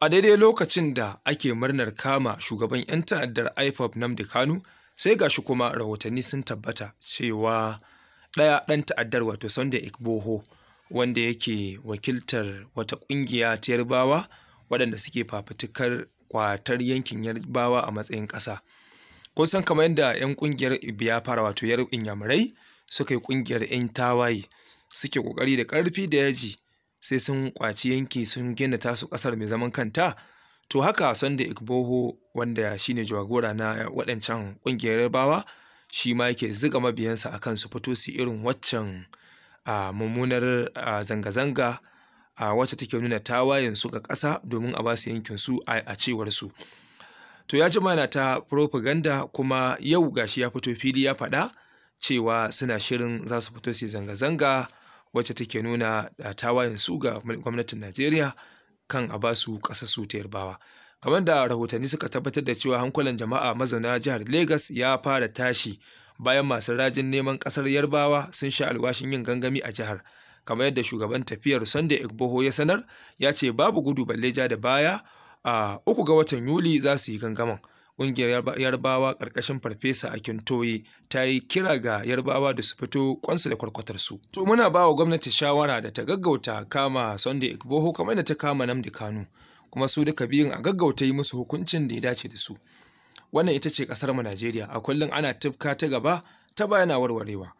A daidai lokacin da ake murnar kama shugaban 'yan ta'addar IPOB Nnamdi Kanu, sai gashi kuma rahotanni sun tabbata cewa ɗaya ɗan ta'addar wato Sunday Igboho wanda yake wakiltar wata ƙungiya ta Yarbawa waɗanda suke fafutukar kwatar yankin Yarbawa a matsayin ƙasa. Kun san kamar yadda 'yan ƙungiyar fara wato Yar Inyamurai suka yi ƙungiyar 'yan tawaye suke ƙoƙari da ƙarfi da yaji sai sun kwaci yanki sun gina tasu kasar mai zaman kanta to haka sanda igboho wanda shine jagora na waɗancan ƙungiyar yarbawa shi ma yake ziga mabiyansa akan su fito su irin waccan a mummunar zanga-zanga a wacce take nuna tawayen su ga ƙasa domin a basu yankin su a cewar su to ya jima na ta propaganda kuma yau gashi ya fito fili ya faɗa cewa suna shirin za su fito su zanga-zanga wacce take nuna da ah, tawayen su ga gwamnatin Najeriya kan a basu ƙasa su ta Yarbawa. Kamar da rahotanni suka tabbatar da cewa hankulan jama'a mazauna jihar Legas ya fara tashi bayan masu rajin neman ƙasar Yarbawa sun sha alwashin yin gangami a jihar. Kamar yadda shugaban tafiyar Sunday Igboho ya sanar ya ce babu gudu balle ja da baya a ah, uku ga watan Yuli za su yi gangaman. ƙungiyar yarbawa ƙarƙashin farfesa a kintoye ta yi kira ga yarbawa da su fito kwansu da kwarkwatarsu to muna ba wa gwamnati shawara da ta gaggauta kama sunday igboho kamar da ta kama namdi kanu kuma su duka biyun a gaggauta yi musu hukuncin da ya dace da su wannan ita ce ƙasar mu najeriya a kullum ana tufka ta gaba ta bayana warwarewa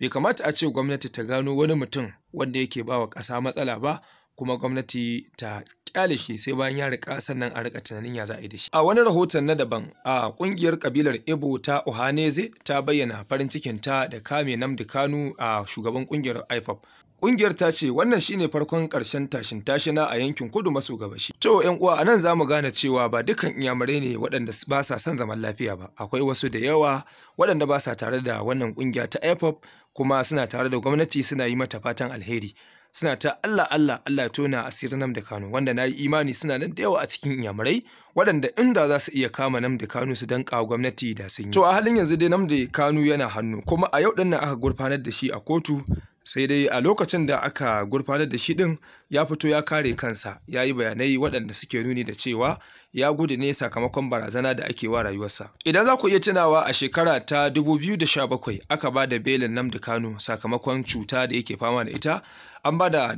bai kamata a ce gwamnati ta gano wani mutum wanda yake ba wa ƙasa matsala ba kuma gwamnati ta kyale shi sai bayan ya rika sannan a rika tunanin ya za a yi da shi a wani rahoton na daban a kungiyar kabilar Igbo ta Ohaneze ta bayyana farin cikin ta da kame Namdi Kanu a shugaban ƙungiyar IFOP Ƙungiyar ta ce wannan shine farkon ƙarshen tashin tashina a yankin kudu maso gabashi. To ‘yan uwa a nan za mu gane cewa ba dukkan iyamurai ne waɗanda ba sa son zaman lafiya ba, akwai wasu da yawa waɗanda ba sa tare da wannan ƙungiya ta IPOP kuma suna tare da gwamnati suna yi mata fatan alheri. suna ta Allah Allah Allah ya tona asirin nam da Kano wanda na yi imani suna nan da yawa a cikin inyamurai waɗanda inda za su iya kama nam da Kano su danka gwamnati da sun yi. To a halin yanzu dai nam da Kano yana hannu kuma a yau ɗin nan aka gurfanar da shi a kotu sai dai a lokacin da aka gurfanar da shi din ya fito ya kare kansa ya yi bayanai waɗanda suke nuni da cewa ya gudu ne sakamakon barazana da ake wa rayuwarsa idan za ku iya tunawa a shekara ta 2017 aka ba da belin namdi kano sakamakon cuta da yake fama da ita an ba da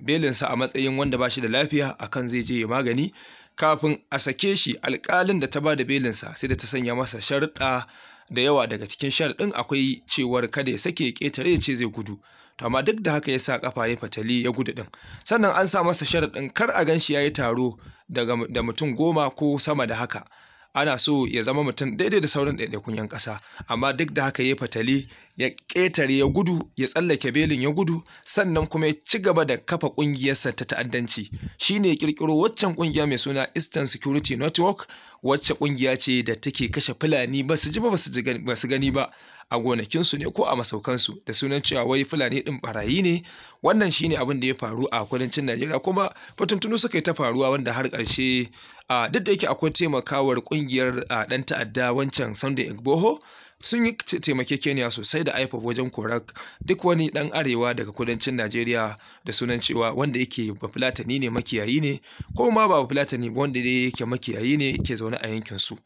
belinsa a matsayin wanda ba shi da lafiya akan zai je magani kafin a sake shi alkalin da ta ba da belinsa sai da ta sanya masa sharuɗa da yawa daga cikin sharaɗin akwai cewar kada ya sake ya ƙetare ya ce zai gudu to amma duk da haka ya sa kafa ya fatali ya gudu ɗin sannan an sa masa sharaɗin kar a ganshi ya yi taro da mutum goma ko sama da haka ana so ya zama mutum daidai da sauran ɗaiɗaikun 'yan ƙasa amma duk da haka ya fatali ya ƙetare ya gudu ya tsallake belin ya gudu sannan kuma ya ci gaba da kafa ƙungiyarsa ta ta'addanci shine ya ƙirƙiro waccan ƙungiya mai suna eastern security network wacce kungiya ce da take kashe fulani ba su ji ba ba su gani ba a gonakinsu ne ko a masaukansu da sunan cewa wai fulani din barayi ne wannan shine abin da ya faru a kudancin najeriya kuma fatuntunu suka yi ta faruwa wanda har ƙarshe duk da yake akwai taimakawar kungiyar dan ta'adda wancan sunday igboho sun yi taimakekeniya sosai da IPOB wajen korar duk wani ɗan arewa daga kudancin Najeriya da sunan cewa wanda yake bafulatani ne makiyayi ne ko ma ba bafulatani wanda ne yake makiyayi ne ke zaune a yankin su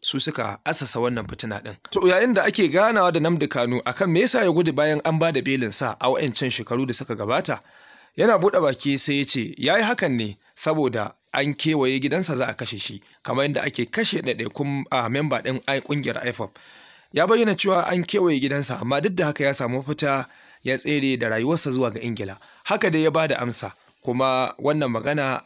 su suka asasa wannan fitina ɗin. To yayin da ake ganawa da Namdi Kano akan me yasa ya gudu bayan an ba da belin sa a wayancan shekaru da suka gabata yana buɗe baki sai ya ce yi hakan ne saboda an kewaye gidansa za a kashe shi kamar yadda ake kashe ɗaiɗaikun a ah, memba ɗin ƙungiyar IFOP. ya bayyana cewa an kewaye gidansa amma duk da haka ya samu fita ya tsere da rayuwarsa zuwa ga ingila haka dai ya ba da amsa kuma wannan magana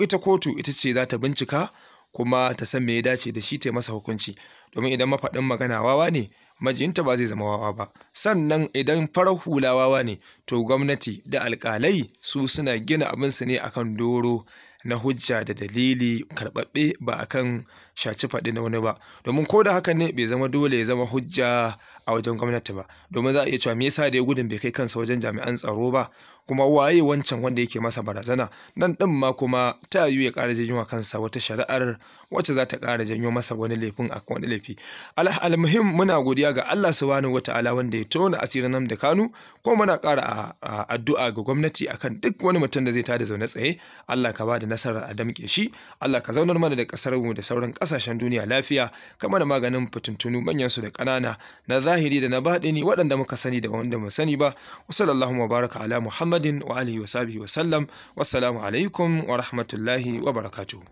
ita kotu ita ce za ta bincika kuma ta san me ya dace da shi ta masa hukunci domin idan mafaɗin magana wawa ne majinta ba zai zama wawa ba sannan idan farar hula wawa ne to gwamnati da alƙalai su suna gina abinsu ne akan doro na hujja da dalili karɓaɓɓe ba akan shaci faɗi na wani ba domin ko da haka ne bai zama dole ya zama hujja a wajen gwamnati ba domin za a iya cewa me yasa da ya gudun bai kai kansa wajen jami'an tsaro ba kuma waye wancan wanda yake masa barazana nan din ma kuma ta yiwu ya kara janyo kansa wata shari'ar wacce za ta ƙara janyo masa wani laifin a wani laifi almuhim muna godiya ga Allah subhanahu wataala wanda ya tona asirin nan da Kanu kuma muna ƙara addu'a ga gwamnati akan duk wani mutum da zai tada zaune tsaye Allah ka ba da nasara a damƙe shi Allah ka zaunar mana da ƙasar mu da sauran ƙasa kasashen duniya lafiya kama da maganin fitintunu manyansu da ƙanana na zahiri da na baɗini waɗanda muka sani da wanda mu sani ba wa sallallahu mubaraka ala muhammadin wa alihi wa sahbihi wa sallam wassalamu alaikum wa rahmatullahi wa barakatuhu